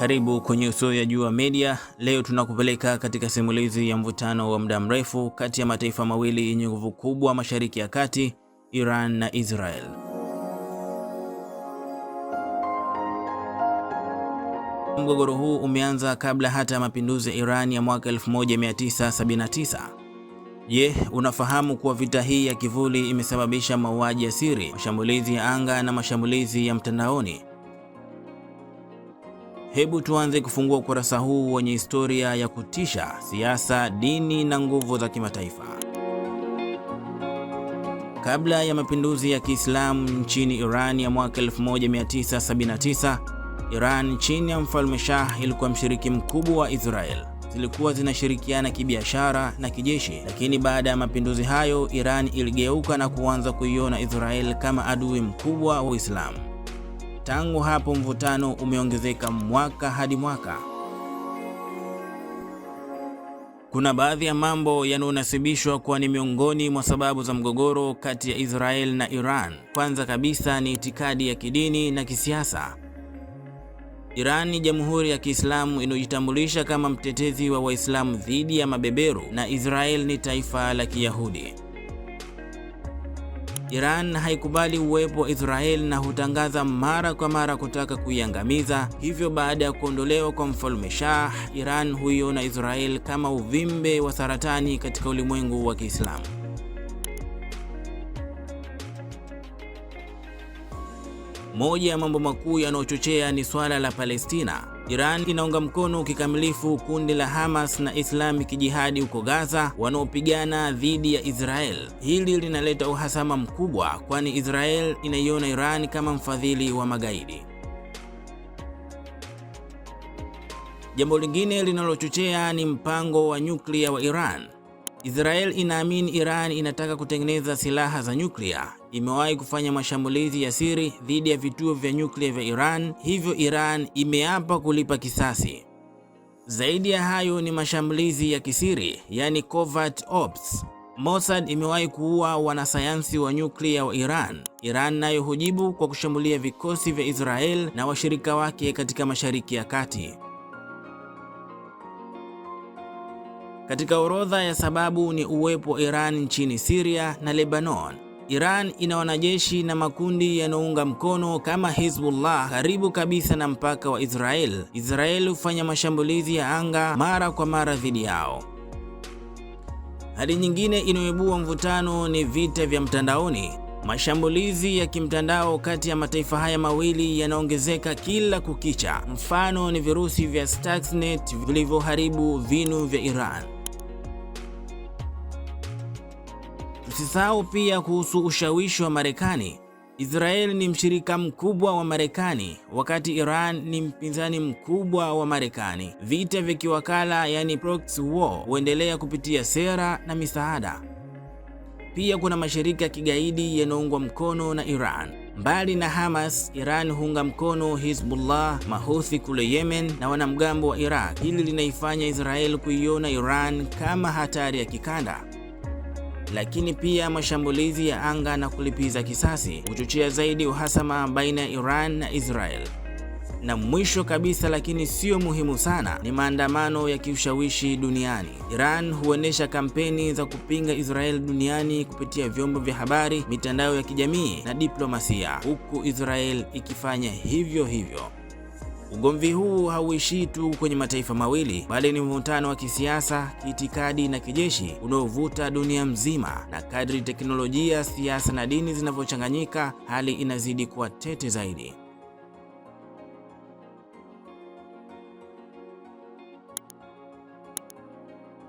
Karibu kwenye Uso ya Jua Media. Leo tunakupeleka katika simulizi ya mvutano wa muda mrefu kati ya mataifa mawili yenye nguvu kubwa Mashariki ya Kati, Iran na Israel. Mgogoro huu umeanza kabla hata ya mapinduzi ya Iran ya mwaka 1979. Je, unafahamu kuwa vita hii ya kivuli imesababisha mauaji ya siri, mashambulizi ya anga na mashambulizi ya mtandaoni Hebu tuanze kufungua ukurasa huu wenye historia ya kutisha, siasa, dini na nguvu za kimataifa. Kabla ya mapinduzi ya Kiislamu nchini Iran ya mwaka 1979, Iran chini ya mfalme Shah ilikuwa mshiriki mkubwa wa Israel. Zilikuwa zinashirikiana kibiashara na kijeshi, lakini baada ya mapinduzi hayo Iran iligeuka na kuanza kuiona Israel kama adui mkubwa wa Uislamu. Tangu hapo mvutano umeongezeka mwaka hadi mwaka. Kuna baadhi ya mambo yanayonasibishwa kuwa ni miongoni mwa sababu za mgogoro kati ya Israel na Iran. Kwanza kabisa ni itikadi ya kidini na kisiasa. Iran ni jamhuri ya Kiislamu inayojitambulisha kama mtetezi wa Waislamu dhidi ya mabeberu na Israel ni taifa la Kiyahudi. Iran haikubali uwepo wa Israel na hutangaza mara kwa mara kutaka kuiangamiza. Hivyo baada ya kuondolewa kwa mfalme Shah, Iran huiona Israel kama uvimbe wa saratani katika ulimwengu wa Kiislamu. Moja ya mambo makuu yanayochochea ni swala la Palestina. Iran inaunga mkono kikamilifu kundi la Hamas na Islamic Jihadi huko Gaza wanaopigana dhidi ya Israel. Hili linaleta uhasama mkubwa, kwani Israel inaiona Iran kama mfadhili wa magaidi. Jambo lingine linalochochea ni mpango wa nyuklia wa Iran. Israel inaamini Iran inataka kutengeneza silaha za nyuklia. Imewahi kufanya mashambulizi ya siri dhidi ya vituo vya nyuklia vya Iran, hivyo Iran imeapa kulipa kisasi. Zaidi ya hayo ni mashambulizi ya kisiri, yani covert ops. Mossad imewahi kuua wanasayansi wa nyuklia wa Iran. Iran nayo hujibu kwa kushambulia vikosi vya Israel na washirika wake katika Mashariki ya Kati. Katika orodha ya sababu ni uwepo wa Iran nchini Syria na Lebanon. Iran ina wanajeshi na makundi yanayounga mkono kama Hezbollah karibu kabisa na mpaka wa Israel. Israel hufanya mashambulizi ya anga mara kwa mara dhidi yao. Hali nyingine inayoibua mvutano ni vita vya mtandaoni. Mashambulizi ya kimtandao kati ya mataifa haya mawili yanaongezeka kila kukicha. Mfano ni virusi vya Stuxnet vilivyoharibu vinu vya Iran. Usisahau pia kuhusu ushawishi wa Marekani. Israel ni mshirika mkubwa wa Marekani, wakati Iran ni mpinzani mkubwa wa Marekani. Vita vya kiwakala, yani proxy war, huendelea kupitia sera na misaada. Pia kuna mashirika ya kigaidi yanaoungwa mkono na Iran. Mbali na Hamas, Iran huunga mkono Hizbullah, Mahuthi kule Yemen na wanamgambo wa Iraq. Hili linaifanya Israel kuiona Iran kama hatari ya kikanda lakini pia mashambulizi ya anga na kulipiza kisasi huchochea zaidi uhasama baina ya Iran na Israel. Na mwisho kabisa, lakini sio muhimu sana, ni maandamano ya kiushawishi duniani. Iran huonesha kampeni za kupinga Israel duniani kupitia vyombo vya habari, mitandao ya kijamii na diplomasia, huku Israel ikifanya hivyo hivyo. Ugomvi huu hauishii tu kwenye mataifa mawili, bali ni mvutano wa kisiasa, kiitikadi na kijeshi unaovuta dunia mzima, na kadri teknolojia, siasa na dini zinavyochanganyika, hali inazidi kuwa tete zaidi.